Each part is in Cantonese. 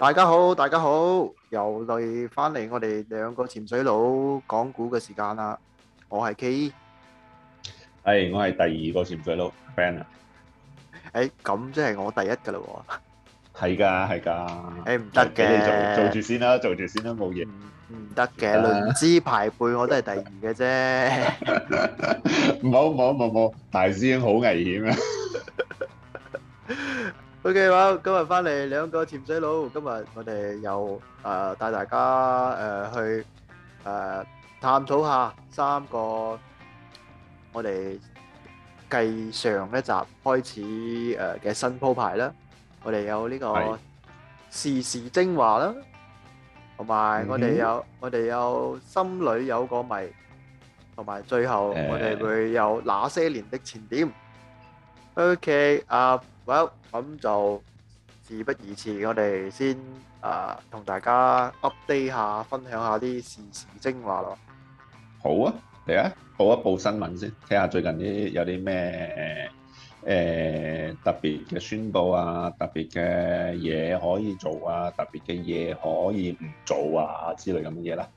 大家好，大家好，又嚟翻嚟我哋兩個潛水佬講古嘅時間啦。我係 K，係我係第二個潛水佬，Ben 啊。誒，咁即係我第一噶啦？係噶係噶，誒唔得嘅，做住先啦，做住先啦，冇嘢。唔得嘅，輪資排輩，我都係第二嘅啫。唔好唔好唔好，大師兄好危險啊！O.K.，好，今日翻嚟兩個潛水佬，今日我哋又誒帶大家誒去誒探討下三個我哋繼上一集開始誒嘅新鋪排啦。我哋有呢個時事精華啦，同埋我哋有我哋有心裏有個謎，同埋最後我哋會有那些年的潛點？O.K. 啊。好，咁就事不宜遲，我哋先啊，同大家 update 下，分享下啲時事精華咯。好啊，嚟啊，報一報新聞先，睇下最近啲有啲咩誒特別嘅宣佈啊，特別嘅嘢可以做啊，特別嘅嘢可以唔做啊之類咁嘅嘢啦。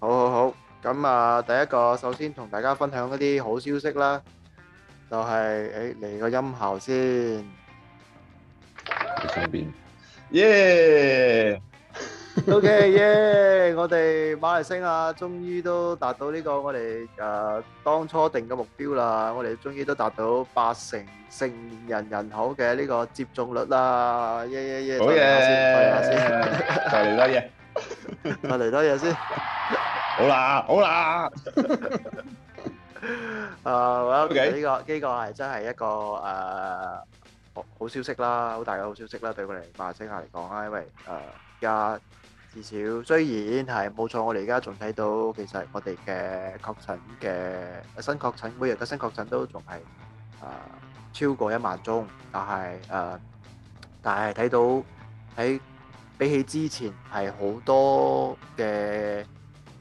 好好好，咁啊，第一個首先同大家分享一啲好消息啦，就係誒嚟個音效先。上邊，耶，OK，耶，我哋馬來西亞終於都達到呢個我哋誒當初定嘅目標啦，我哋終於都達到八成成年人人口嘅呢個接種率啦，耶耶耶，好嘢，再嚟多嘢，再嚟多嘢先，好啦，好啦，啊，OK，呢個呢個係真係一個誒。好消息啦，好大嘅好消息啦，對我哋馬來西亞嚟講啊，因為誒而家至少雖然係冇錯，我哋而家仲睇到其實我哋嘅確診嘅新確診每日嘅新確診都仲係誒超過一萬宗，但係誒、呃、但係睇到喺比起之前係好多嘅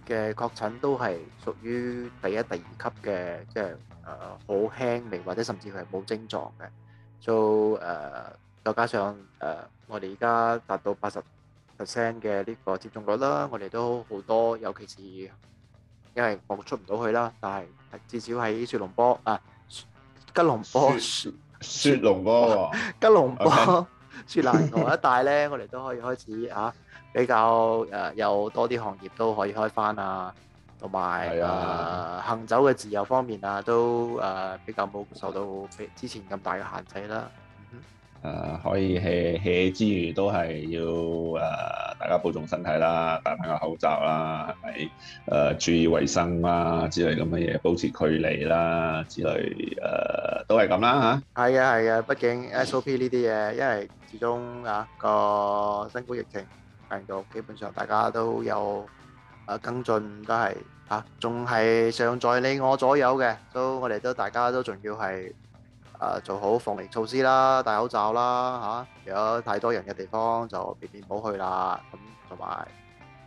嘅確診都係屬於第一、第二級嘅，即係誒好輕微或者甚至係冇症狀嘅。做誒，再加上誒，uh, 我哋而家達到八十 percent 嘅呢個接種率啦，我哋都好多，尤其是因為我出唔到去啦，但係至少喺雪隆波啊、吉隆坡、雪雪，雪龍波 隆波、吉隆坡、雪蘭莪一帶咧， 我哋都可以開始啊，比較誒、uh, 有多啲行業都可以開翻啊。同埋誒，行走嘅自由方面啊，都誒，比較冇受到比之前咁大嘅限制啦。誒可以 hea hea 之餘，都係要誒，大家保重身體啦，戴翻個口罩啦，係咪誒，注意衞生啦之類咁嘅嘢，保持距離啦之類誒，都係咁啦嚇。係啊係啊，畢竟 SOP 呢啲嘢，因為始終啊個新冠疫情病毒基本上大家都有。更是啊，跟進都係嚇，仲係尚在你我左右嘅，所以我都我哋都大家都仲要係啊，做好防疫措施啦，戴口罩啦吓、啊，有太多人嘅地方就別別唔好去啦，咁同埋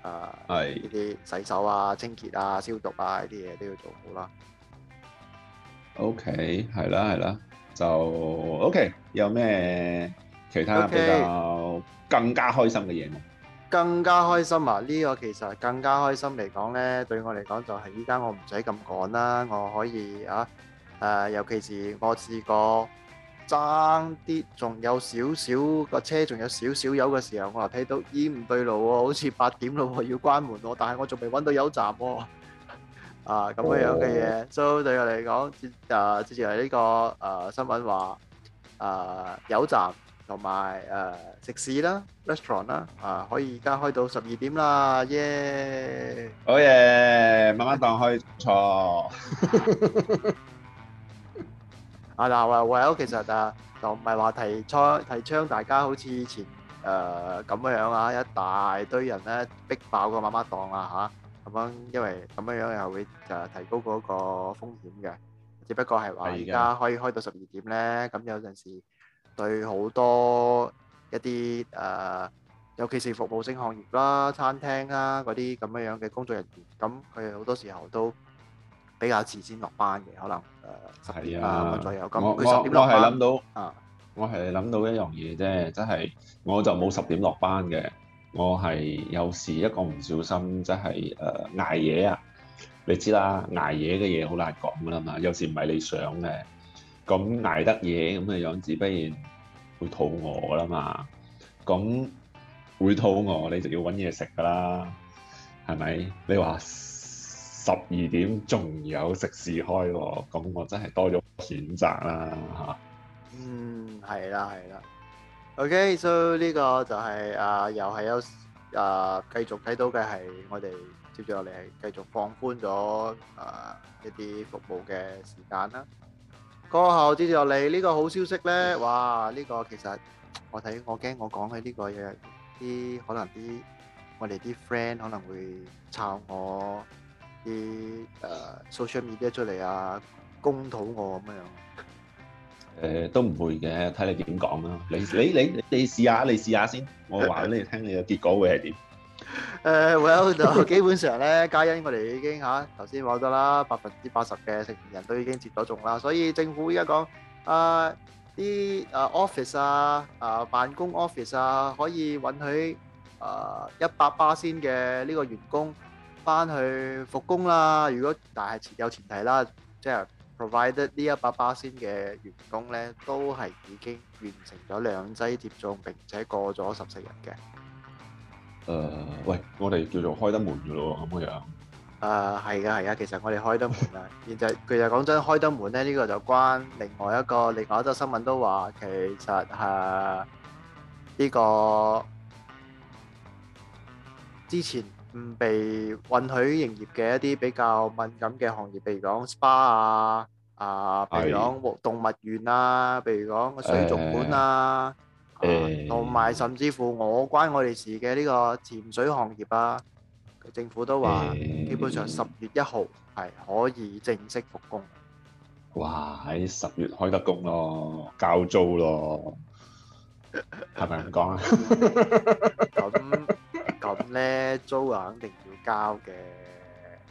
啊，呢啲洗手啊、清潔啊、消毒啊呢啲嘢都要做好啦。OK，係啦係啦，就 OK，有咩其他比較更加開心嘅嘢？Okay. 更加開心啊！呢個其實更加開心嚟講呢，對我嚟講就係依家我唔使咁趕啦，我可以啊誒，尤其是我試過爭啲仲有少少個車，仲有少少油嘅時候，我話睇到咦唔對路喎，好似八點咯，要關門咯，但係我仲未揾到油站喎啊咁樣樣嘅嘢，所以對我嚟講，接住嚟呢個誒新聞話誒油站。同埋誒食肆啦，restaurant 啦，啊可以而家開到十二點啦，耶！好耶！媽媽檔開，唔錯。啊嗱，話話開，其實啊，就唔係話提倡提倡大家好似以前誒咁樣樣啊，一大堆人咧逼爆個媽媽檔啊嚇，咁樣因為咁樣又會誒提高嗰個風險嘅。只不過係話而家可以開到十二點咧，咁有陣時。對好多一啲誒，尤其是服務性行業啦、餐廳啦嗰啲咁樣樣嘅工作人員，咁佢哋好多時候都比較遲先落班嘅，可能誒，係啊，五個左右咁，佢十點落班。我我係諗到啊，我係諗到一樣嘢啫，即係我就冇十點落班嘅，我係有時一個唔小心，即係誒捱夜啊，你知啦，捱夜嘅嘢好難講噶啦嘛，有時唔係你想嘅，咁捱得夜咁嘅樣，只不過，會肚餓啦嘛，咁會肚餓，你就要揾嘢食噶啦，係咪？你話十二點仲有食肆開喎，咁我真係多咗選擇啦嚇。嗯，係啦係啦。OK，所以呢個就係啊，又係有啊，繼續睇到嘅係我哋接住落嚟係繼續放寬咗啊一啲服務嘅時間啦。過後接住落嚟，呢個好消息咧，哇！呢、呢個其實我睇我驚我講起呢個嘢，啲可能啲我哋啲 friend 可能會抄我啲誒 social media 出嚟啊，公討我咁樣。誒都唔會嘅，睇你點講啦。你你你你試下，你試下先。我話俾你 聽，你嘅結果會係點？誒、呃、就基本上咧，嘉欣我哋已經吓頭先話咗啦，百分之八十嘅成人都已經接咗種啦，所以政府而家講啊啲誒 office 啊誒、呃、辦公 office 啊可以允許誒一百巴仙嘅呢個員工翻去復工啦。如果但係有前提啦，即、就、係、是、provide 呢一百巴仙嘅員工咧都係已經完成咗兩劑接種，並且過咗十四日嘅。誒、呃，喂，我哋叫做開得門嘅咯，咁嘅樣。誒、呃，係嘅，係嘅。其實我哋開得門啦。其 實，其實講真，開得門咧，呢、這個就關另外一個。另外，一個新聞都話，其實誒，呢、呃這個之前唔被允許營業嘅一啲比較敏感嘅行業，譬如講 SPA 啊，呃、啊，譬如講動物園啊，譬如講水族館啊。呃誒，同埋甚至乎我關我哋事嘅呢個潛水行業啊，政府都話基本上十月一號係可以正式復工。哇！喺十月開得工咯，交租咯，係咪咁講啊？咁咁咧，租啊肯定要交嘅。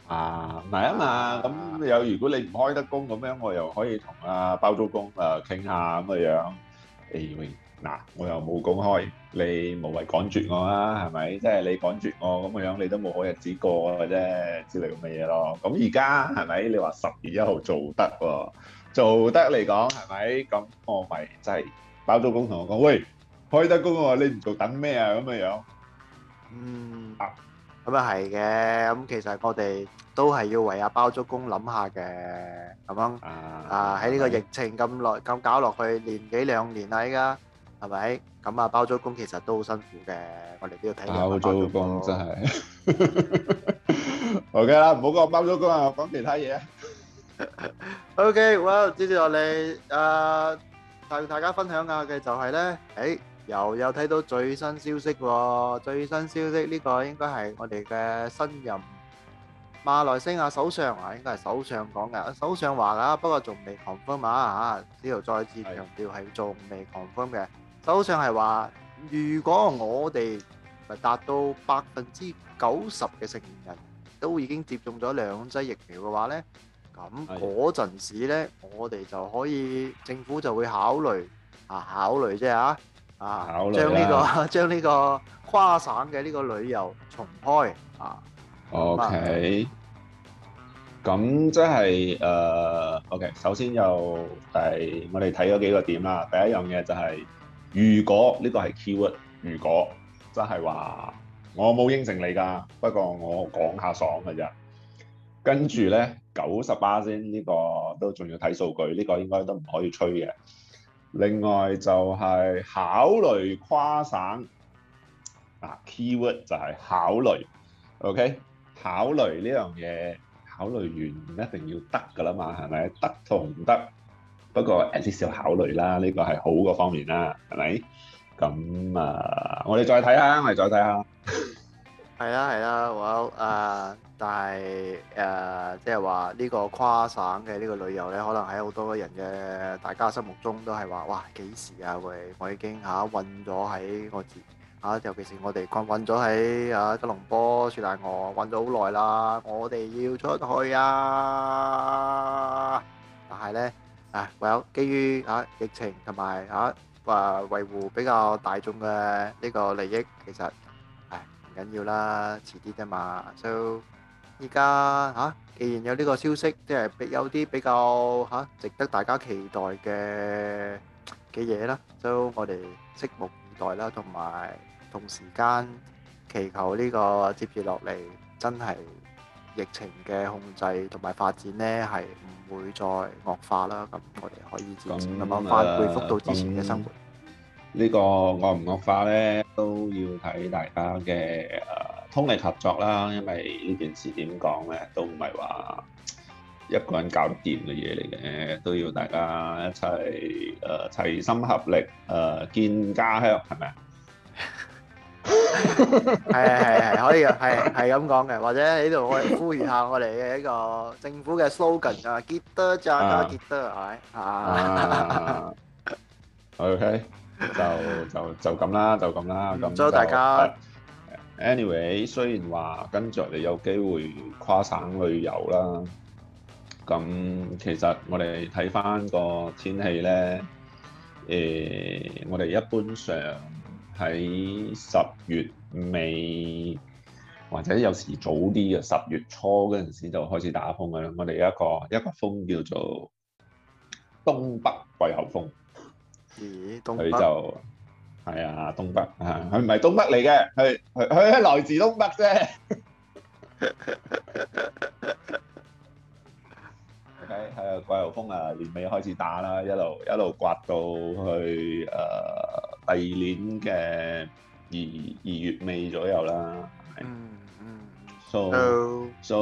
啊，唔係啊嘛，咁有如果你唔開得工咁樣，我又可以同阿包租公啊傾下咁嘅樣，誒。嗱，我又冇公開，你無謂趕絕我啦，係咪？即係你趕絕我咁嘅樣，你都冇好日子過嘅啫，或者之類咁嘅嘢咯。咁而家係咪？你話十月一號做得喎？做得嚟講係咪？咁我咪就係包租公同我講，喂，開得工喎，你唔做等咩啊？咁嘅樣，嗯，咁又係嘅。咁其實我哋都係要為阿包租公諗下嘅，咁樣啊喺呢個疫情咁耐咁搞落去，年幾兩年啦，依家。係咪？咁啊，包租公其實都好辛苦嘅。我哋都要睇下包租公真係。O K 啦，唔好講包租公啊，講其他嘢。O K，好！接住落嚟，誒，同大家分享下嘅就係咧，誒，又有睇到最新消息。最新消息呢個應該係我哋嘅新任馬來西亞首相啊，應該係首相講嘅。首相話啦，不過仲未 confirm 啊吓，呢度再次強調係仲未 confirm 嘅。首先係話，如果我哋係達到百分之九十嘅成年人都已經接種咗兩劑疫苗嘅話咧，咁嗰陣時咧，我哋就可以，政府就會考慮啊，考慮啫啊，啊，考慮啦，將呢個將呢個跨省嘅呢個旅遊重開啊。OK，咁即係誒，OK，首先又係我哋睇咗幾個點啦，第一樣嘢就係。如果呢、呢個係 keyword，如果真係話我冇應承你㗎，不過我講下爽㗎啫。跟住呢，九十巴仙呢個都仲要睇數據，呢、呢個應該都唔可以吹嘅。另外就係考慮跨省啊，keyword 就係考慮，OK？考慮呢樣嘢，考慮完一定要得㗎啦嘛，係咪？得同唔得？不過，有少少考慮啦，呢個係好個方面啦，係咪？咁啊，我哋再睇下，我哋再睇下。係啦，係啦，我誒，但係誒，即係話呢個跨省嘅呢個旅遊咧，可能喺好多人嘅大家心目中都係話，哇，幾時啊？喂，我已經嚇韞咗喺我自嚇，尤其是我哋困韞咗喺嚇吉隆坡、雪蘭莪韞咗好耐啦，我哋要出去啊！但係咧。啊，唯有基於嚇疫情同埋嚇誒維護比較大眾嘅呢個利益，其實哎唔緊要啦，遲啲啫嘛。so 依家嚇既然有呢個消息，即係有啲比較嚇值得大家期待嘅嘅嘢啦，都我哋拭目以待啦，同埋同時間祈求呢個接住落嚟真係疫情嘅控制同埋發展呢係。會再惡化啦，咁我哋可以慢慢快恢復到之前嘅生活。這個、樂不樂呢個惡唔惡化咧，都要睇大家嘅、呃、通力合作啦。因為呢件事點講咧，都唔係話一個人搞掂嘅嘢嚟嘅，都要大家一齊誒、呃、齊心合力誒建、呃、家鄉，係咪啊？係係係，可以嘅，係係咁講嘅，或者喺度可以呼籲下我哋嘅一個政府嘅 slogan 啊，get the 賺啊，get the 係咪啊？OK，就就就咁啦，就咁啦。咁祝大家。Anyway，雖然話跟着你有機會跨省旅遊啦，咁其實我哋睇翻個天氣咧，誒，我哋一般上。喺十月尾，或者有時早啲嘅十月初嗰陣時就開始打風嘅啦。我哋一個一個風叫做東北季候風，東北？佢就係啊東北啊，佢唔係東北嚟嘅，佢佢佢來自東北啫、 啊。OK，係季候風啊，年尾開始打啦，一路一路刮到去誒。啊第二年嘅二二月尾左右啦，嗯嗯，so so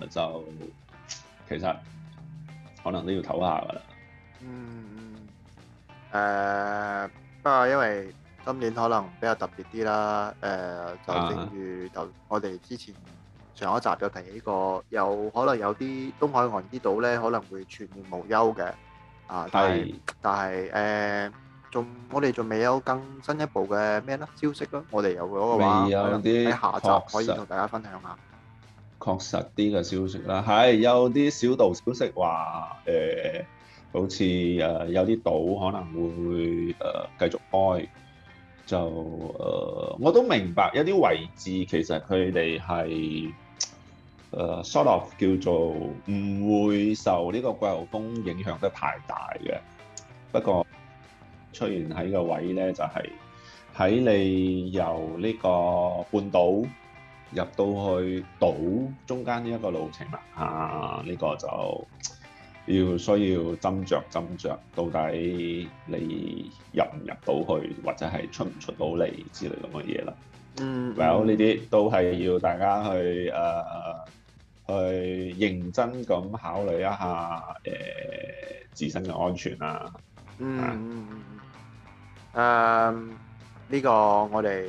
誒就其實可能都要唞下噶啦，嗯嗯誒不過因為今年可能比較特別啲啦，誒就正如就我哋之前上一集有提起過，有可能有啲東海岸啲島咧可能會全年無憂嘅，啊，但係但係誒。仲我哋仲未有更新一步嘅咩咧消息咯，我哋有嗰個話喺下集可以同大家分享下。確實啲嘅消息啦，係有啲小道消息話，誒，好似誒有啲島可能會誒繼續開，就誒，我都明白一啲位置其實佢哋係誒 sort of 叫做唔會受呢個季候風影響得太大嘅，不過。出現喺個位咧，就係、係、喺你由呢個半島入到去島中間呢一個路程啦。啊，呢、呢個就要需要斟酌斟酌，到底你入唔入到去，或者係出唔出到嚟之類咁嘅嘢啦。嗯，嗯，Well 呢啲都係要大家去誒、呃，去認真咁考慮一下誒、呃、自身嘅安全啦、啊。嗯。誒，呢個我哋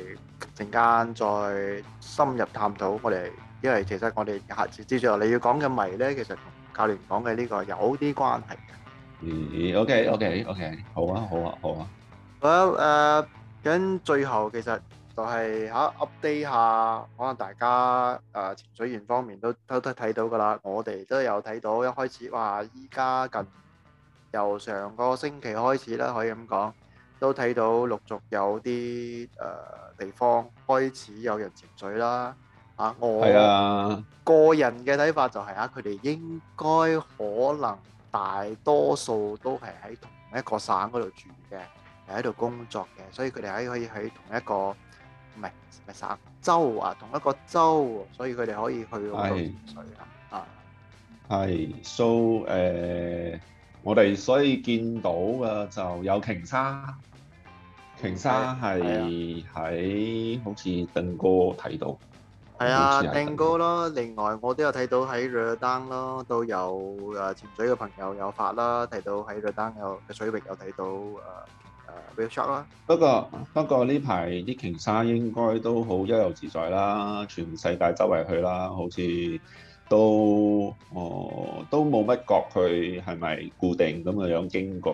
陣間再深入探討。我哋因為其實我哋下次接住啊，你要講嘅迷咧,其實同教練講嘅呢個有啲關係嘅。嗯，OK，OK，OK，好啊，好啊，好啊。好啦，誒，咁最後其實就係吓 update 下，可能大家誒潛水員方面都都都睇到噶啦。我哋都有睇到一開始話，依家近由上個星期開始啦，可以咁講。都睇到陸續有啲誒地方開始有人潛水啦，啊，我係啊個人嘅睇法就係啊，佢哋應該可能大多數都係喺同一個省嗰度住嘅，係喺度工作嘅，所以佢哋喺可以喺同一個唔係唔係省州啊，同一個州，所以佢哋可以去到潛水啦，啊，係，so 誒，我哋所以見到嘅就有鯨鯊。鯨鯊係喺好似定哥睇到，係啊定哥咯。另外我都有睇到喺 r 丹 d 咯，都有誒、呃、潛水嘅朋友有發啦，睇到喺 r 丹有嘅水域有睇到誒誒 s h a r 啦。不過不過呢排啲鯨鯊應該都好悠游自在啦，全世界周圍去啦，好似都哦、呃、都冇乜覺佢係咪固定咁嘅樣經過。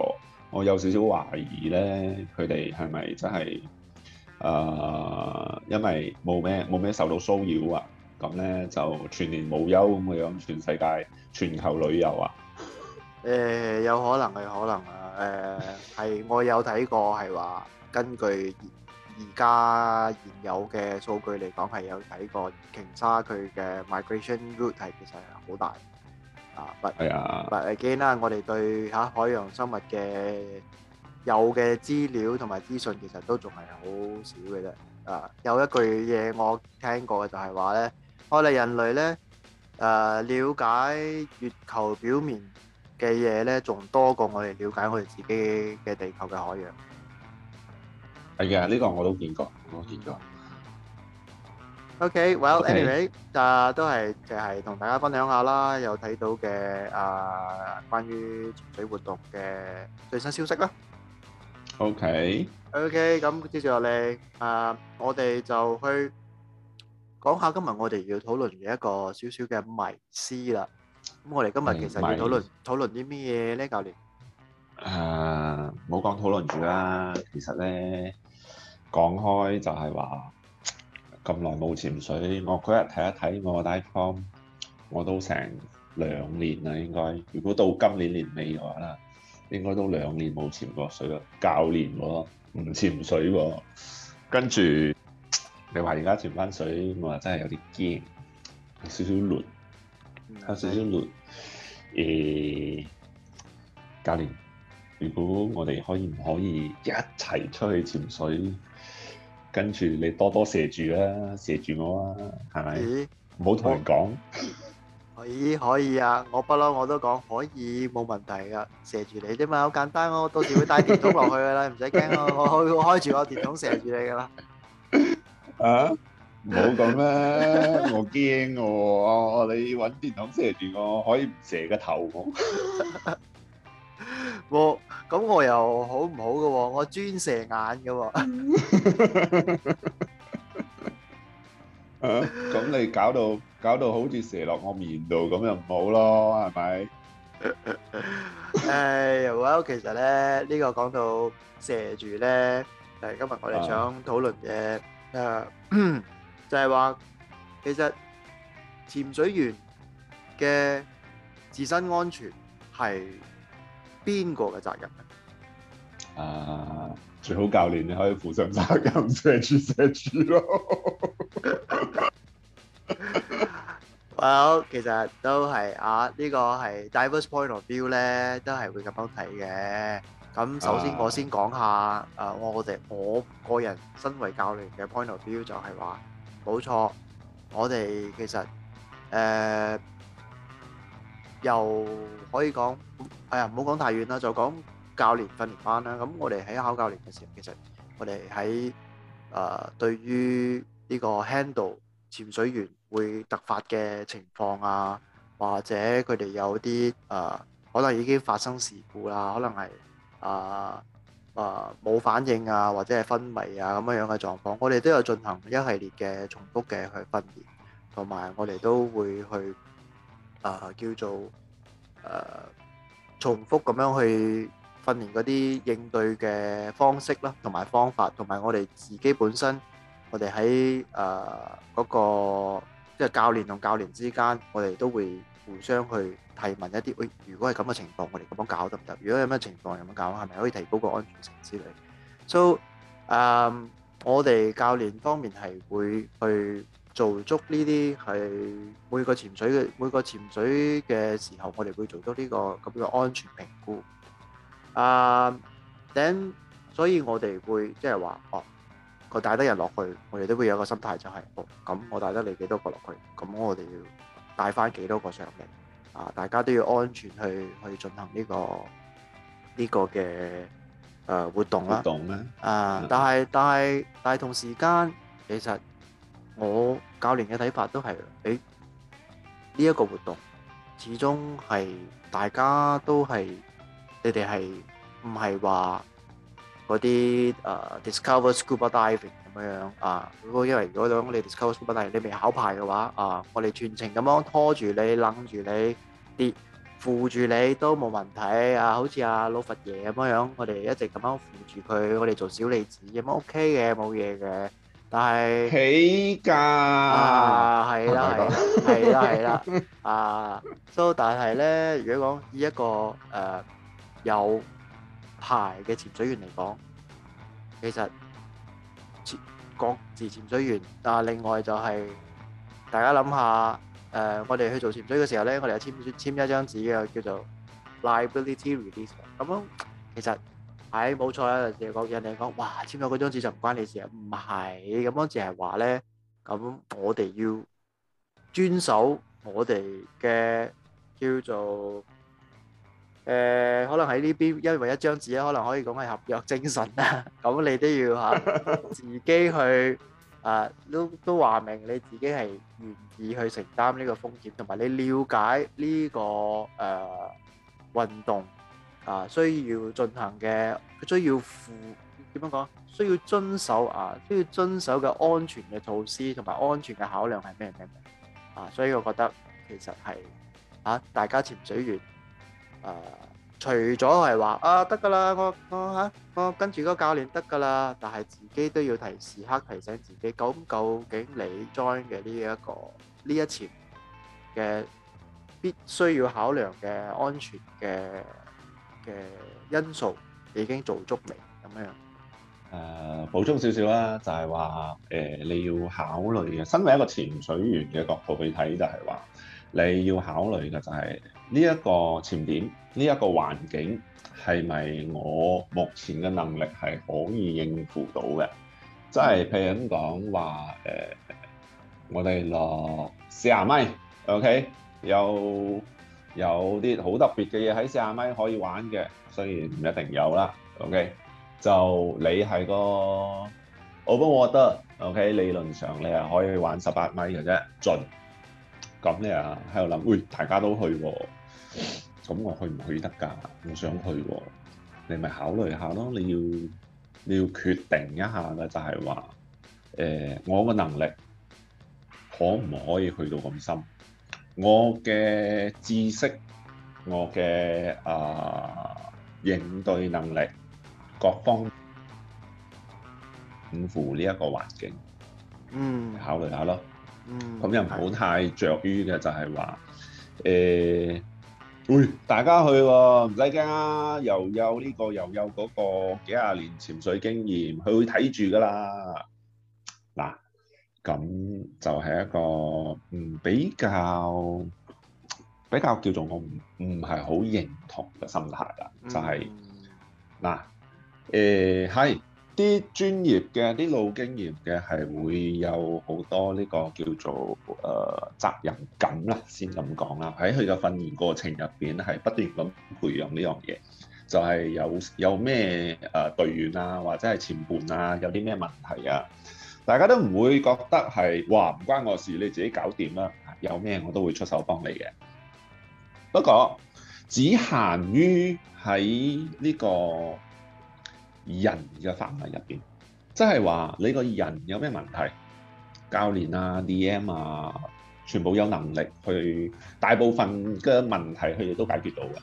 我有少少懷疑咧，佢哋係咪真係誒？因為冇咩冇咩受到騷擾啊，咁咧就全年無休咁嘅樣，全世界全球旅遊啊？誒有可能係可能啊！誒係我有睇過，係話根據而家現有嘅數據嚟講係有睇過鯨鯊佢嘅 migration route 係其實係好大。啊，係啊，咁當然啦，我哋對吓海洋生物嘅有嘅資料同埋資訊其實都仲係好少嘅。啊，有一句嘢我聽過嘅就係話咧，我哋人類咧誒了解月球表面嘅嘢咧，仲多過我哋了解我哋自己嘅地球嘅海洋。係嘅，呢個我都見過，我都見過。Okay, well, anyway，啊，都係就係同大家分享下啦，有睇到嘅，啊，關於潛水活動嘅最新消息啦。Okay。Okay，咁接住落嚟，啊，我哋就去講下今日我哋要討論嘅一個少少嘅迷思啦。咁我哋今日其實要討論討論啲咩嘢咧，教練？誒，冇講討論住啦，其實咧講開就係話。咁耐冇潛水，我嗰日睇一睇我個 l i v o r 我都成兩年啦，應該。如果到今年年尾嘅話啦，應該都兩年冇潛過水咯。教練喎，唔潛水喎，跟住你話而家潛翻水，我話真係有啲驚，有少少亂，有少少亂。誒、嗯，教練、欸、如果我哋可以唔可以一齊出去潛水？跟住你多多射住啦，射住我啦，係咪？咦？唔好同人講。可以可以啊，我不嬲我都講可以冇問題噶，射住你啫嘛，好簡單哦。我到時會帶電筒落去噶啦，唔使驚哦。我開住我電筒射住你噶啦。啊，唔好咁啦，我驚我，我你搵電筒射住我，可以唔射個頭冇？咁我又好唔好嘅喎？我專射眼嘅喎。咁你搞到搞到好似射落我面度，咁又唔好咯，係咪？哎呀，又其實咧，呢個講到射住咧，誒，今日我哋想討論嘅誒，就係話其實潛水員嘅自身安全係邊個嘅責任咧？啊！最好教練你可以扶上山咁錫住錫住咯。好，其實都係啊，呢個係 diverse point of view 咧，都係會咁樣睇嘅。咁首先我先講下，誒，我哋我個人身為教練嘅 point of view 就係話，冇錯，我哋其實誒，又可以講，哎呀，唔好講太遠啦，就講。教練訓練班啦，咁我哋喺考教練嘅時候，其實我哋喺誒對於呢個 handle 潛水員會突發嘅情況啊，或者佢哋有啲誒可能已經發生事故啦，可能係誒誒冇反應啊，或者係昏迷啊咁樣樣嘅狀況，我哋都有進行一系列嘅重複嘅去訓練，同埋我哋都會去誒叫做誒重複咁樣去。訓練嗰啲應對嘅方式啦，同埋方法，同埋我哋自己本身，我哋喺誒嗰個即係教練同教練之間，我哋都會互相去提問一啲。喂，如果係咁嘅情況，我哋咁樣搞得唔得？如果有咩情況，咁樣搞，係咪可以提高個安全性之類？所以誒，我哋教練方面係會去做足呢啲，係每個潛水嘅每個潛水嘅時候，我哋會做足呢個咁嘅安全評估。啊、uh, then 所以我哋會即係話，哦，佢帶得人落去，我哋都會有一個心態就係、是，哦，咁我帶得你幾多個落去，咁我哋要帶翻幾多個上嚟，啊，大家都要安全去去進行呢、這個呢、這個嘅誒、呃、活動啦，活動咩？啊、uh, 嗯，但係但係但係同時間，其實我教練嘅睇法都係，誒呢一個活動始終係大家都係你哋係。唔係話嗰啲誒 discover scuba diving 咁樣啊？如、uh, 果因為如果講你 discover scuba diving，你未考牌嘅話啊，uh, 我哋全程咁樣拖住你、攬住你、跌扶住你都冇問題、uh, 像啊。好似阿老佛爺咁樣，我哋一直咁樣扶住佢，我哋做小李子咁 OK 嘅，冇嘢嘅。但係起價係啦，係、uh, 啦，係啦，啊、 uh,，所以、uh, so, 但係咧，如果講呢一個誒、uh, 有。排嘅潛水員嚟講，其實各自潛水員，但係另外就係大家諗下，誒，我哋去做潛水嘅時候咧，我哋有簽簽一張紙嘅叫做 liability release。咁樣其實係冇錯啊，就係講人哋講，哇，簽咗嗰張紙就唔關你事啊，唔係咁樣，只係話咧，咁我哋要遵守我哋嘅叫做。誒，可能喺呢邊，因為一張紙啊，可能可以講係合約精神啦。咁你都要嚇自己去啊，都都話明你自己係願意去承擔呢個風險，同埋你瞭解呢個誒運動啊需要進行嘅，佢需要負點樣講？需要遵守啊，需要遵守嘅安全嘅措施同埋安全嘅考量係咩咩啊？所以我覺得其實係啊，大家潛水員。誒、呃，除咗係話啊，得㗎啦，我我吓我，我跟住嗰個教練得㗎啦，但係自己都要提時刻提醒自己，咁究竟你 join 嘅呢一個呢一次嘅必須要考量嘅安全嘅嘅因素，已經做足未咁樣？誒、呃，補充少少啦，就係話誒，你要考慮嘅，身為一個潛水員嘅角度去睇，就係話。你要考慮嘅就係呢一個潛點，呢一個環境係咪我目前嘅能力係可以應付到嘅？即係譬如咁講話我哋落四十米，OK，有有啲好特別嘅嘢喺四十米可以玩嘅，雖然唔一定有啦，OK。就你係個 Open Water，OK。理論上你係可以玩十八米嘅啫，盡。咁你啊喺度諗，喂、哎，大家都去喎、哦，咁我去唔去得噶？我想去喎、哦，你咪考慮下咯。你要你要決定一下啦，就係話，誒，我嘅能力可唔可以去到咁深？我嘅知識，我嘅啊應對能力，各方應付呢一個環境，嗯，考慮下咯。咁又唔好太着於嘅，就係話誒，喂、呃哎、大家去喎，唔使驚啊，又有呢、這個，又有嗰、那個幾廿年潛水經驗，佢會睇住㗎喇。嗱，咁就係一個唔比較，比較叫做我唔唔係好認同嘅心態啦、嗯，就係嗱誒，係。呃啲專業嘅、啲老經驗嘅係會有好多呢個叫做誒、呃、責任感啦，先咁講啦。喺佢嘅訓練過程入邊係不斷咁培養呢樣嘢，就係、是、有有咩誒隊員啊或者係前輩啊有啲咩問題啊，大家都唔會覺得係話唔關我事，你自己搞掂啦。有咩我都會出手幫你嘅。不過只限於喺呢個人嘅範圍入邊，即係話你個人有咩問題，教練啊、DM 啊，全部有能力去大部分嘅問題，佢哋都解決到嘅。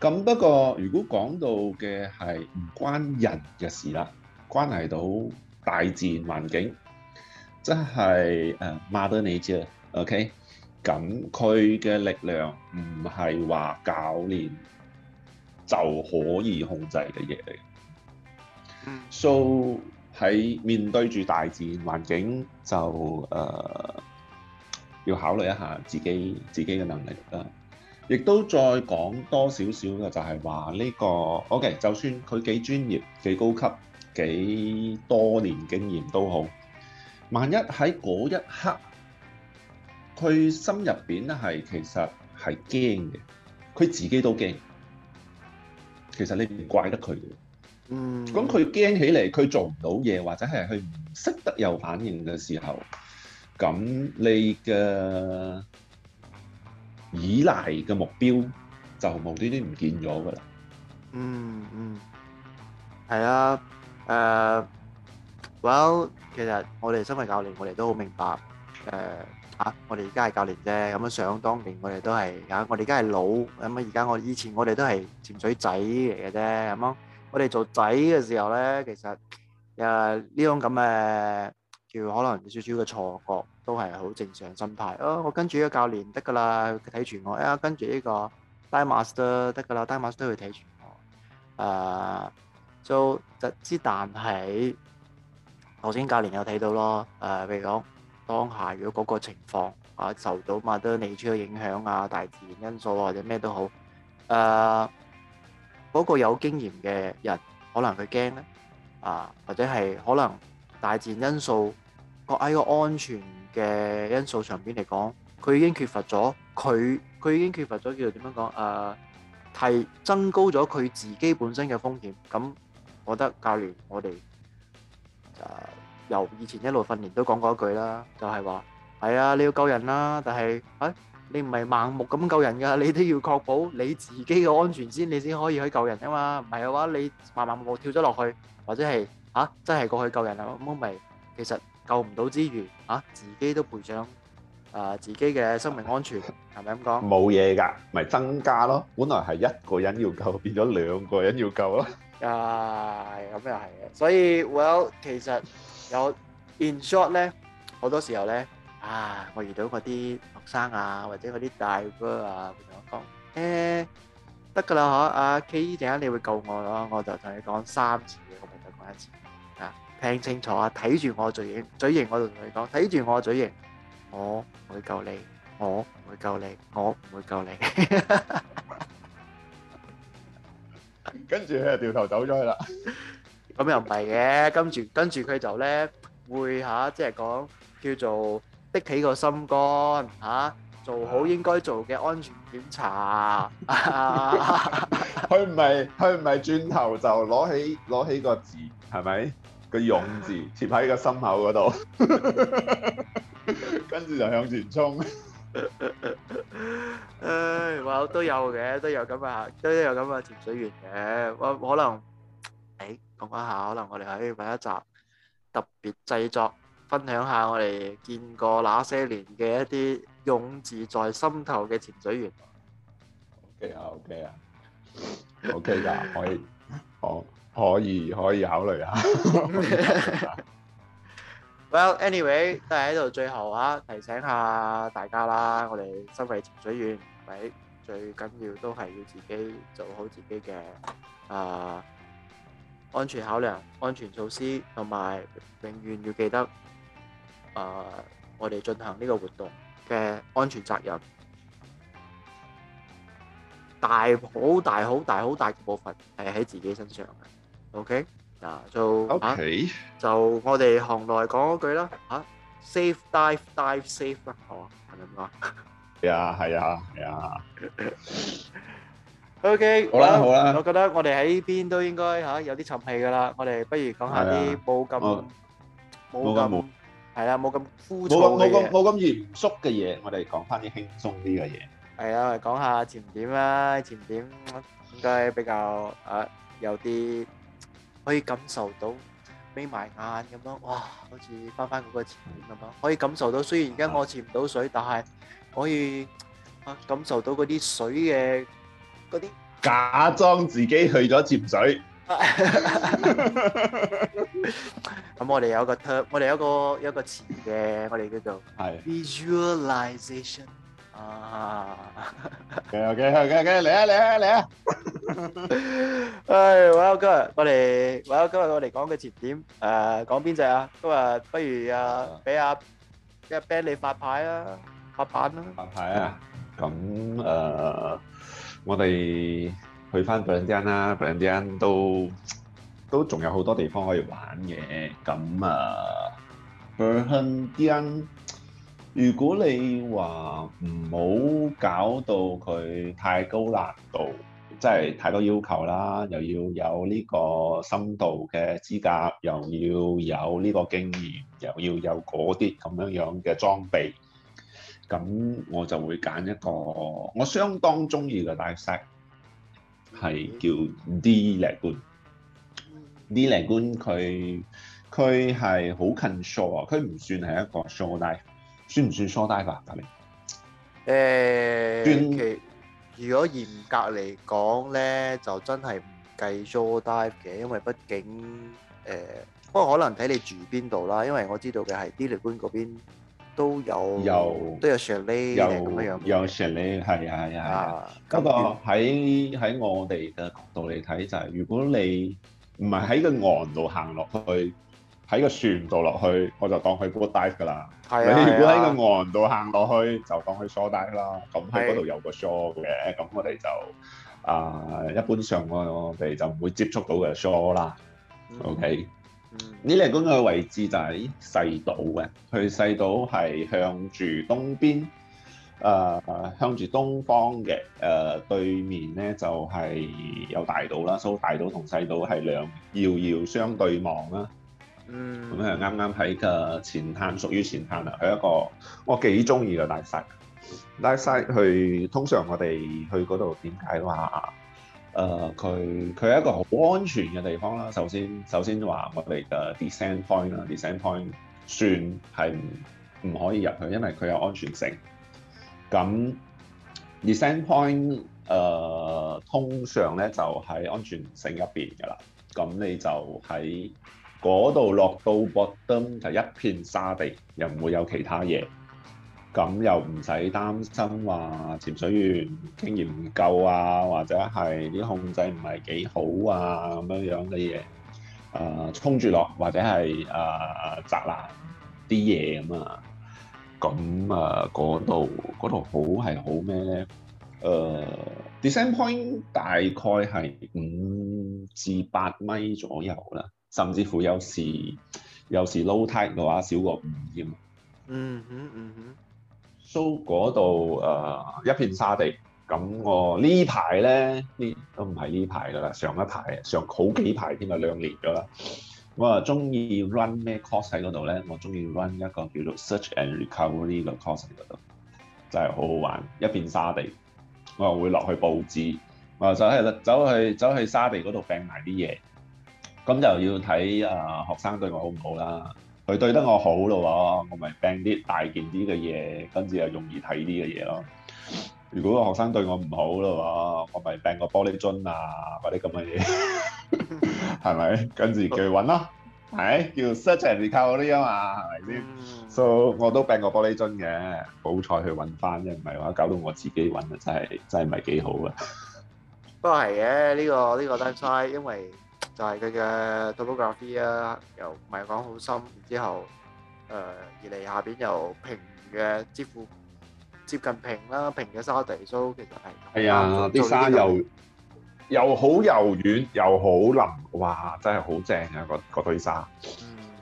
咁不過，如果講到嘅係唔關人嘅事啦，關係到大自然環境，即係誒 Mother Nature，OK？咁佢嘅力量唔係話教練就可以控制嘅嘢嚟。So 喺面對住大自然環境，就誒、呃、要考慮一下自己自己嘅能力啦。亦都再講多少少嘅，就係話呢個 OK，就算佢幾專業、幾高級、幾多年經驗都好，萬一喺嗰一刻佢心入邊係其實係驚嘅，佢自己都驚。其實你唔怪得佢。嗯，咁佢驚起嚟，佢做唔到嘢，或者係佢唔識得有反應嘅時候，咁你嘅依賴嘅目標就無端端唔見咗噶啦。嗯嗯，係啊，誒，Well，其實我哋身為教練，我哋都好明白，誒啊，我哋而家係教練啫，咁樣想當年，我哋都係嚇，我哋而家係老，咁啊而家我以前我哋都係潛水仔嚟嘅啫，係咪？我哋做仔嘅時候咧，其實誒呢種咁嘅叫可能少少嘅錯覺，都係好正常心態咯、啊。我跟住呢個教練得㗎喇，佢睇住我，啊跟住呢、這個 die master 得㗎喇，die master 都會睇住我。誒、啊，就之但係頭先教練有睇到咯。誒、啊，譬如講當下如果嗰個情況啊受到麥當尼爾嘅影響啊，大自然因素啊，或者咩都好，誒、啊。嗰個有經驗嘅人，可能佢驚咧啊，或者係可能大自然因素，個喺個安全嘅因素上邊嚟講，佢已經缺乏咗，佢佢已經缺乏咗叫做點樣講誒，係增高咗佢自己本身嘅風險。咁我覺得教練，我哋就由以前一路訓練都講過一句啦，就係話係啊，你要救人啦，但係誒。你唔係盲目咁救人噶，你都要確保你自己嘅安全先，你先可以去救人啊嘛。唔係嘅話，你盲盲目跳咗落去，或者係吓真係過去救人啊，咁咪其實救唔到之餘，吓自己都賠上誒自己嘅生命安全，係咪咁講？冇嘢噶，咪增加咯。本來係一個人要救，變咗兩個人要救咯。啊，咁又係啊。所以，Well，其實有 In short 咧，好多時候咧，啊，我遇到嗰啲。生啊，或者嗰啲大哥啊，佢同我講，誒，得噶啦嗬，阿 K 一陣間你會救我咯，我就同你講三次，我唔會再講一次，啊，聽清楚啊，睇住我嘴型，嘴型我就同你講，睇住我嘴型，我會救你，我會救你，我唔會救你。跟住佢就掉頭走咗去啦，咁又唔係嘅，跟住跟住佢就咧會吓，即係講叫做。的起個心肝嚇，做好應該做嘅安全檢查。佢唔係，佢唔係轉頭就攞起攞起，個字係咪個勇字貼喺個心口嗰度，跟住就向前衝。唉，哇，都有嘅，都有咁啊，都有咁啊，潛水員嘅。我可能你講講下，可能我哋喺揾一集特別製作。分享下我哋見過那些年嘅一啲勇字在心頭嘅潛水員。O K 啊，O K 啊，O K 㗎，可以可可以可以考慮下。Well，anyway，都係喺度最後啊，提醒下大家啦，我哋身為潛水員，唔係，最緊要都係要自己做好自己嘅啊安全考量、安全措施，同埋永遠要記得。誒，我哋進行呢個活動嘅安全責任，大好大好大好大嘅部分係喺自己身上嘅。OK，嗱，就 OK，就我哋行內講嗰句啦，吓，safe dive dive safe 啦，好啊，係咁講。係啊，係啊，係啊。OK，好啦好啦，我覺得我哋喺邊都應該吓有啲沉氣噶啦，我哋不如講下啲冇咁冇咁。係啦，冇咁枯燥嘅嘢，冇咁冇咁冇咁嚴肅嘅嘢，我哋講翻啲輕鬆啲嘅嘢。係啊，講下潛點啦，潛點應該比較誒，有啲可以感受到，眯埋眼咁樣，哇，好似翻翻嗰個潛點咁樣，可以感受到。雖然而家我潛唔到水，但係可以感受到嗰啲水嘅嗰啲。假裝自己去咗潛水。咁我哋有個 turn，我哋有個有個詞嘅，我哋叫做係 visualization。啊，OK OK OK OK，嚟啊嚟啊嚟啊！哎，我今日我哋，我今日我哋講嘅潛點，誒講邊隻啊？今日不如啊俾阿俾阿 Ben 你發牌啦，發牌啦！發牌啊！咁誒，我哋。去翻布林甸啦，布林甸都都仲有好多地方可以玩嘅。咁啊，布林甸如果你話唔好搞到佢太高難度，即係太多要求啦，又要有呢個深度嘅資格，又要有呢個經驗，又要有嗰啲咁樣樣嘅裝備，咁我就會揀一個我相當中意嘅大 set。係叫 D 麗觀，D 麗觀佢佢係好近 shore 啊，佢唔算係一個 shore dive，算唔算 shore dive 啊？阿明？誒，短期如果嚴格嚟講咧，就真係唔計 shore dive 嘅，因為畢竟誒，不過可能睇你住邊度啦，因為我知道嘅係 D 麗觀嗰邊。都有，有，都有 share 呢，有咁有 share 呢，係啊，係啊，不過喺喺我哋嘅角度嚟睇就係、是，如果你唔係喺個岸度行落去，喺個船度落去，我就當佢 boat dive 㗎啦。係、啊、你如果喺個岸度行落去，就當佢 shore dive 啦。咁喺嗰度有個 shore 嘅，咁我哋就啊，一般上我哋就唔會接觸到嘅 shore 啦。OK。呢嚟講嘅位置就喺細島嘅，佢細島係向住東邊，誒、呃、向住東方嘅，誒、呃、對面咧就係、是、有大島啦，所以大島同細島係兩遙遙相對望啦。嗯，咁啊啱啱喺個前灘，屬於前灘啦，係一個我幾中意嘅大石，大石去通常我哋去嗰度點解話？誒佢佢係一個好安全嘅地方啦。首先首先話我哋嘅 descent point 啦，descent point 算係唔唔可以入去，因為佢有安全性。咁 descent point、呃、通常咧就喺安全性入邊㗎啦。咁你就喺嗰度落到 bottom 就一片沙地，又唔會有其他嘢。咁又唔使擔心話潛水員經驗唔夠啊，或者係啲控制唔係幾好啊，咁樣樣嘅嘢，誒衝住落或者係誒、呃、砸爛啲嘢咁啊。咁啊，嗰度嗰度好係好咩咧？誒、呃，design point 大概係五至八米左右啦，甚至乎有時有時 low tide 嘅話少過五米。嗯哼，嗯哼。So 嗰度誒一片沙地，咁我呢排咧，呢都唔係呢排㗎啦，上一排上好幾排添啦，兩年㗎啦。我啊中意 run 咩 course 喺嗰度咧，我中意 run 一個叫做 Search and Recovery 嘅 course 喺嗰度，真係好好玩。一片沙地，我會落去佈置，我就係啦，走去走去沙地嗰度掟埋啲嘢，咁就要睇誒學生對我好唔好啦。佢對得我好嘅話，我咪掟啲大件啲嘅嘢，跟住又容易睇啲嘅嘢咯。如果個學生對我唔好嘅話，我咪掟個玻璃樽啊，或者咁嘅嘢，係 咪？跟住佢揾咯，係 嗎叫 search and recover 啲啊嘛，係咪先？So 我都掟個玻璃樽嘅，好彩去揾翻，啫，唔係嘅話搞到我自己揾啊，真係真係唔係幾好，不過係嘅，呢個，呢個真衰，因為。就係佢嘅 topography 啊，又唔係講好深，之後誒而嚟下邊又平嘅，幾乎接近平啦，平嘅沙地，所以其實係係啊，啲沙又又好柔軟又好腍，哇！真係好正啊，嗰嗰堆沙。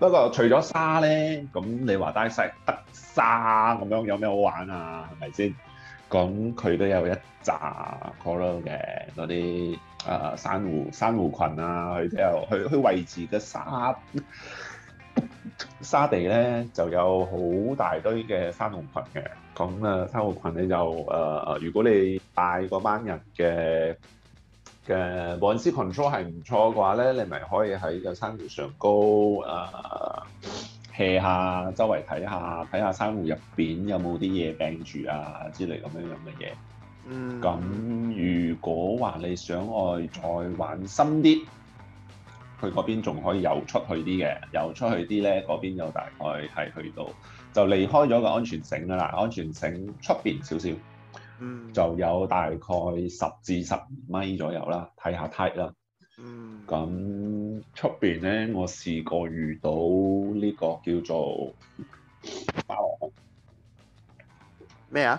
不過除咗沙咧，咁你話帶石得沙咁樣有咩好玩啊？係咪先？咁佢都有一紮 colour 嘅嗰啲。呃、裙啊！珊瑚珊瑚群啊，佢即係佢佢位置嘅沙沙地咧，就有好大堆嘅珊瑚群嘅。咁啊，珊瑚群你就誒、呃、如果你帶嗰班人嘅嘅 buoyancy control 係唔錯嘅話咧，你咪可以喺個珊瑚上高啊 hea、呃、下，周圍睇下，睇下珊瑚入邊有冇啲嘢病住啊之類咁樣樣嘅嘢。咁、嗯、如果話你想去再玩深啲，佢嗰邊仲可以游出去啲嘅，游出去啲咧，嗰邊又大概係去到就離開咗個安全繩啦，安全繩出邊少少，就有大概十至十米左右啦，睇下 tide 啦。咁出邊咧，我試過遇到呢個叫做霸王咩啊？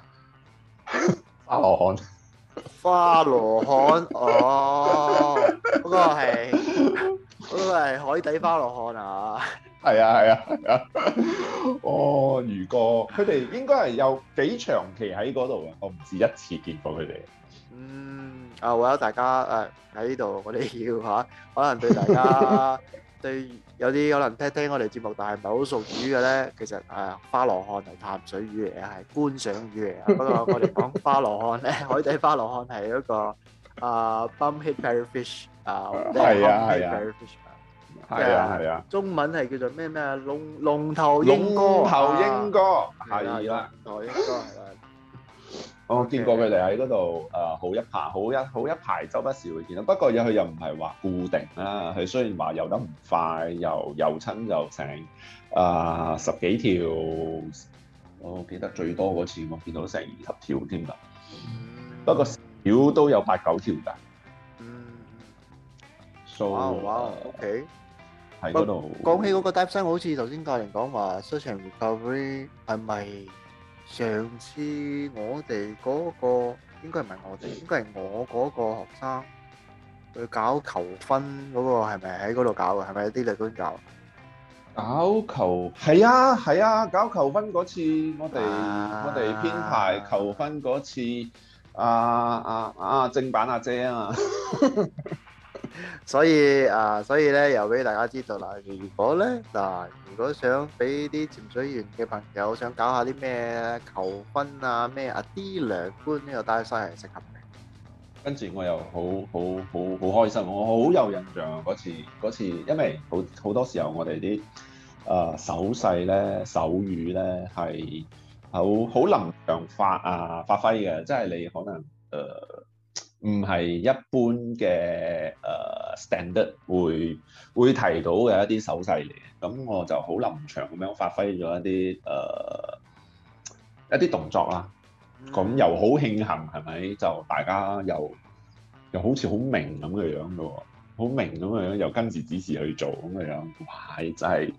花羅漢，花羅漢哦，嗰、嗰個係、嗰個係海底花羅漢啊，係啊係啊，係啊，哦，如果佢哋應該係有幾長期喺嗰度啊，我唔止一次見過佢哋。嗯，啊，為咗大家誒喺呢度，呃、我哋要吓，可能對大家。 對，有啲可能聽聽我哋節目，但係唔係好熟魚嘅咧。其實誒、啊，花羅漢係淡水魚嚟嘅，係觀賞魚嚟嘅。不過我哋講花羅漢咧，海底花羅漢係一個啊 bumphead parrotfish 啊，係啊係啊，係啊係啊，啊，啊，啊，啊，啊，中文係叫做咩咩啊龍龍頭鷹哥，龍頭鷹哥係啊，龍頭鷹哥係啦。 我見過佢哋喺嗰度，誒好一排，好一好一排，周不時會見到。不過佢又唔係話固定啦，佢雖然話遊得唔快，又遊親就成誒十幾條，我記得最多嗰次我見到成二十條添啦。不過少都有八九條㗎。數哇哇，O K。喺嗰度。講起嗰個 definition，好似頭先嘉玲講話 search and recovery 係咪？上次我哋嗰、嗰個應該唔係我哋，應該係我嗰個學生去搞求婚嗰、嗰個係咪喺嗰度搞嘅？係咪喺啲律師搞？搞求係啊，係啊，搞求婚嗰次我哋、啊、我哋編排求婚嗰次，啊啊啊，正版阿姐啊嘛。 所以啊，所以咧又俾大家知道啦。如果咧嗱，如果想俾啲潛水員嘅朋友想搞下啲咩求婚啊咩啊，啲良官呢個 design 係適合嘅。跟住，我又好好好好開心，我好有印象嗰次、嗰次，次因為好好多時候我哋啲啊手勢咧手語咧係好好能量化啊發揮嘅，即係你可能誒。呃唔係一般嘅誒、uh, standard 會會提到嘅一啲手勢嚟，咁我就好臨場咁樣發揮咗一啲誒、uh, 一啲動作啦。咁、mm-hmm. 又好慶幸係咪？就大家又又好似好明咁嘅樣嘅喎、哦，好明咁嘅樣又跟住指示去做咁嘅樣，樣，哇！真係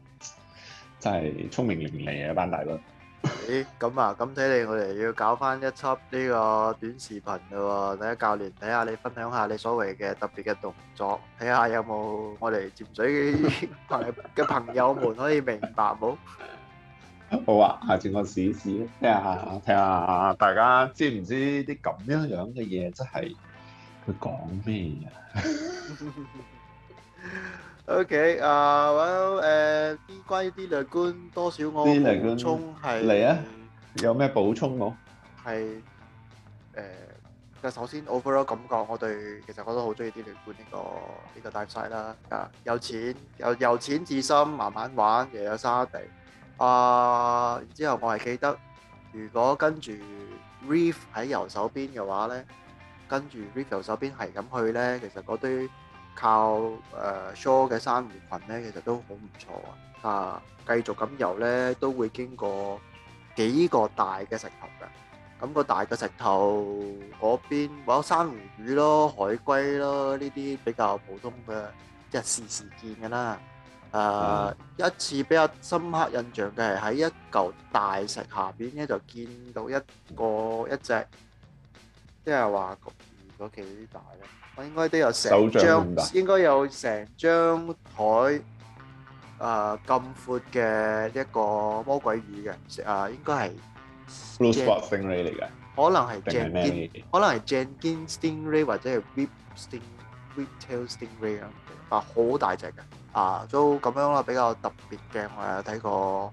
真係聰明伶俐嘅班大佬。誒，咁啊，咁睇嚟我哋要搞翻一輯呢個短視頻咯喎，等下教練睇下你分享下你所謂嘅特別嘅動作，睇下有冇我哋潛水朋嘅朋友們可以明白冇？好啊，下次我試試，聽下，睇下大家知唔知啲咁樣樣嘅嘢真係佢講咩啊？O.K. 啊，或者誒啲關於啲 D-Lagoon 多少我補充係嚟啊！有咩補充我係誒？即係首先 overall 感覺，我對其實我都好中意啲 D-Lagoon 呢個呢個 dive site 啦。啊，有錢有由淺至深，慢慢玩又有沙地啊。之後我係記得，如果跟住 reef 喺右手邊嘅話咧，跟住 reef 右手邊係咁去咧，其實嗰堆。靠誒 shore 嘅珊瑚群咧，其實都好唔錯啊！啊，繼續咁游咧，都會經過幾個大嘅石頭嘅。咁個大嘅石頭嗰邊，或者珊瑚魚咯、海龜咯，呢啲比較普通嘅，日時時見嘅啦。誒、啊嗯，一次比較深刻印象嘅係喺一嚿大石下邊咧，就見到一個一隻，即係話個魚嗰幾大咧。我應該都有成張，應該有成張台啊咁闊嘅一個魔鬼魚嘅，啊、呃、應該係 blue spot stingray 嚟嘅，可能係可能係 Jenkins stingray 或者係 whip sting whip tail stingray 咁、啊，但好大隻嘅，啊都咁樣啦，比較特別嘅，我有睇過。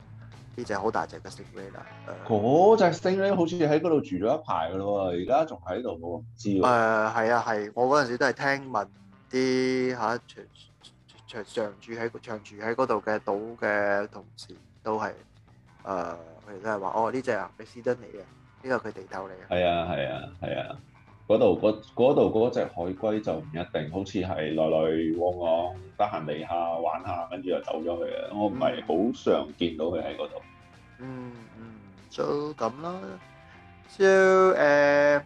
呢隻好大隻嘅 Stingray 啦，嗰隻 Stingray 好似喺嗰度住咗一排噶咯喎，而家仲喺度嘅喎，知喎。誒、呃、係啊係，我嗰陣時都係聽聞啲嚇、啊、長長，長住喺長住喺嗰度嘅島嘅同事都係誒，佢、呃、哋都係話：哦呢隻啊，係斯登尼嘅，呢個佢地頭嚟嘅。係啊係啊係啊！嗰度嗰嗰度嗰隻海龜就唔一定，好似係來來往往，得閒嚟下玩，玩下，跟住就走咗去啦。我唔係好常見到佢喺嗰度。嗯嗯，就咁啦。就誒、欸，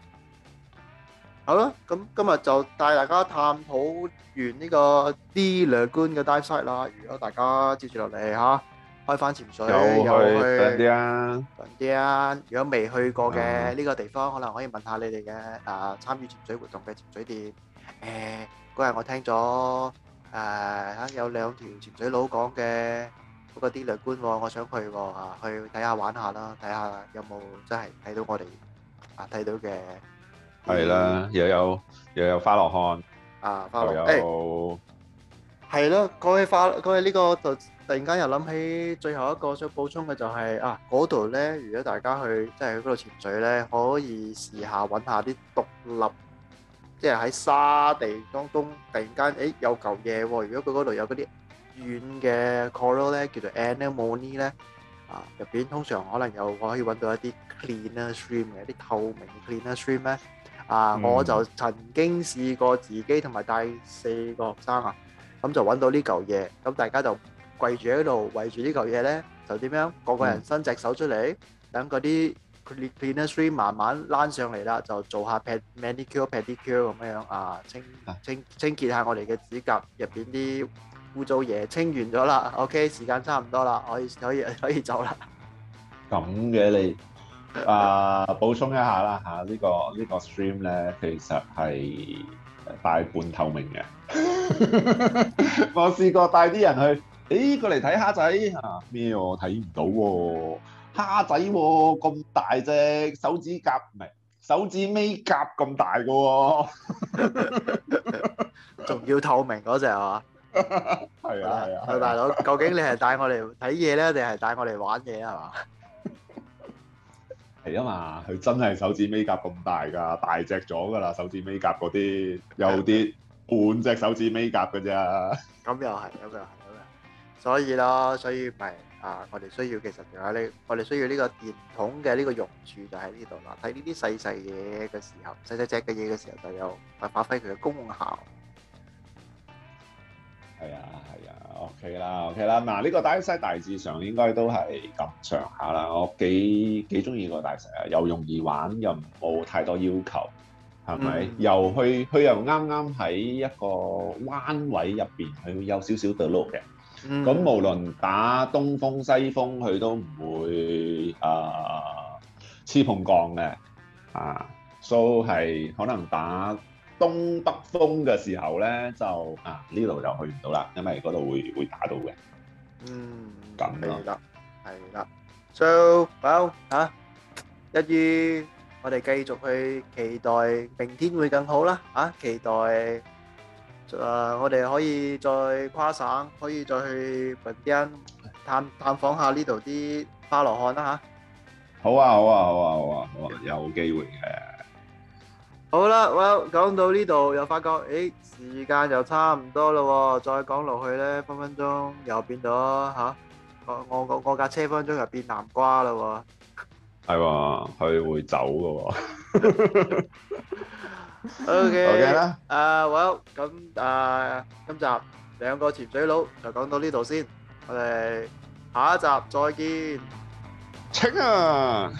好啦，咁今日就帶大家探討完呢個 D 兩觀嘅 dive site 啦。如果大家接住落嚟吓。開翻潛水，有去，近啲啊，近啲啊。如果未去過嘅呢個地方，可能可以問下你哋嘅啊參與潛水活動嘅潛水店。誒，嗰日我聽咗啊，有兩條潛水佬講嘅嗰個啲雷官，我想去喎，去睇下玩下啦，睇下有冇真係睇到我哋啊睇到嘅。係啦，又有又有花羅漢啊，花羅誒，係咯，講起花，講起呢個就。突然間又諗起最後一個想補充嘅就係啊，嗰度咧，如果大家去即係去嗰度潛水咧，可以試下揾下啲獨立，即係喺沙地當中突然間誒有嚿嘢喎。如果佢嗰度有嗰啲軟嘅 coral 咧，叫做 anemone 咧啊，入邊通常可能又可以揾到一啲 cleaner shrimp 嘅一啲透明 cleaner shrimp 咧啊，我就曾經試過自己同埋帶四個學生啊，咁就揾到呢嚿嘢，咁大家就。圍住喺度，圍住呢嚿嘢咧，就點樣個個人伸隻手出嚟，等嗰啲 cleaner stream 慢慢攬上嚟啦，就做下 manicure pedicure 咁樣啊，清清清潔下我哋嘅指甲入邊啲污糟嘢，清完咗啦，OK，時間差唔多啦，可以可以可以走啦。咁嘅你啊，補充一下啦嚇，呢個呢個 stream 咧，其實係大半透明嘅。我試過帶啲人去。.誒，過嚟睇蝦仔吓咩？我睇唔到喎，蝦仔咁大隻，手指甲唔係手指尾甲咁大噶，仲要透明嗰隻係嘛？係啊，係啊，阿大佬，究竟你係帶我嚟睇嘢，咧，定係帶我嚟玩嘢啊？係嘛？係啊嘛，佢真係手指尾甲咁大噶，大隻咗噶啦，手指尾甲嗰啲有啲半隻手指尾甲噶啫。咁又係，咁又係。所以啦，所以咪啊，我哋需要其實仲有呢，我哋需要呢個電筒嘅呢個用處就喺呢度啦。睇呢啲細細嘢嘅時候，細細隻嘅嘢嘅時候就有，就發揮佢嘅功效。係啊，係啊，OK 啦，OK 啦。嗱，呢個大細大致上應該都係咁上下啦。我幾幾中意個大細啊，又容易玩，又冇太多要求，係咪？又去去又啱啱喺一個彎位入邊，佢會有少少對路嘅。咁無論打東風西風，佢都唔會啊黐碰鋼嘅啊，so 係可能打東北風嘅時候咧，就啊呢度就去唔到啦，因為嗰度會會打到嘅。嗯，咁啦，係啦，sowell 嚇，一於我哋繼續去期待明天會更好啦嚇，期待。誒，我哋可以再跨省，可以再去北京探探訪下呢度啲花羅漢啦吓。好啊，好啊，好啊，好啊，好啊，有機會嘅。好啦，我講到呢度又發覺，誒，時間又差唔多啦，再講落去咧，分分鐘又變到吓，我我我我架車分分鐘又變南瓜啦，係喎，佢會走噶。OK 啦，啊 Well 咁啊，今集兩個潛水佬就講到呢度先，我哋下一集再見，請啊。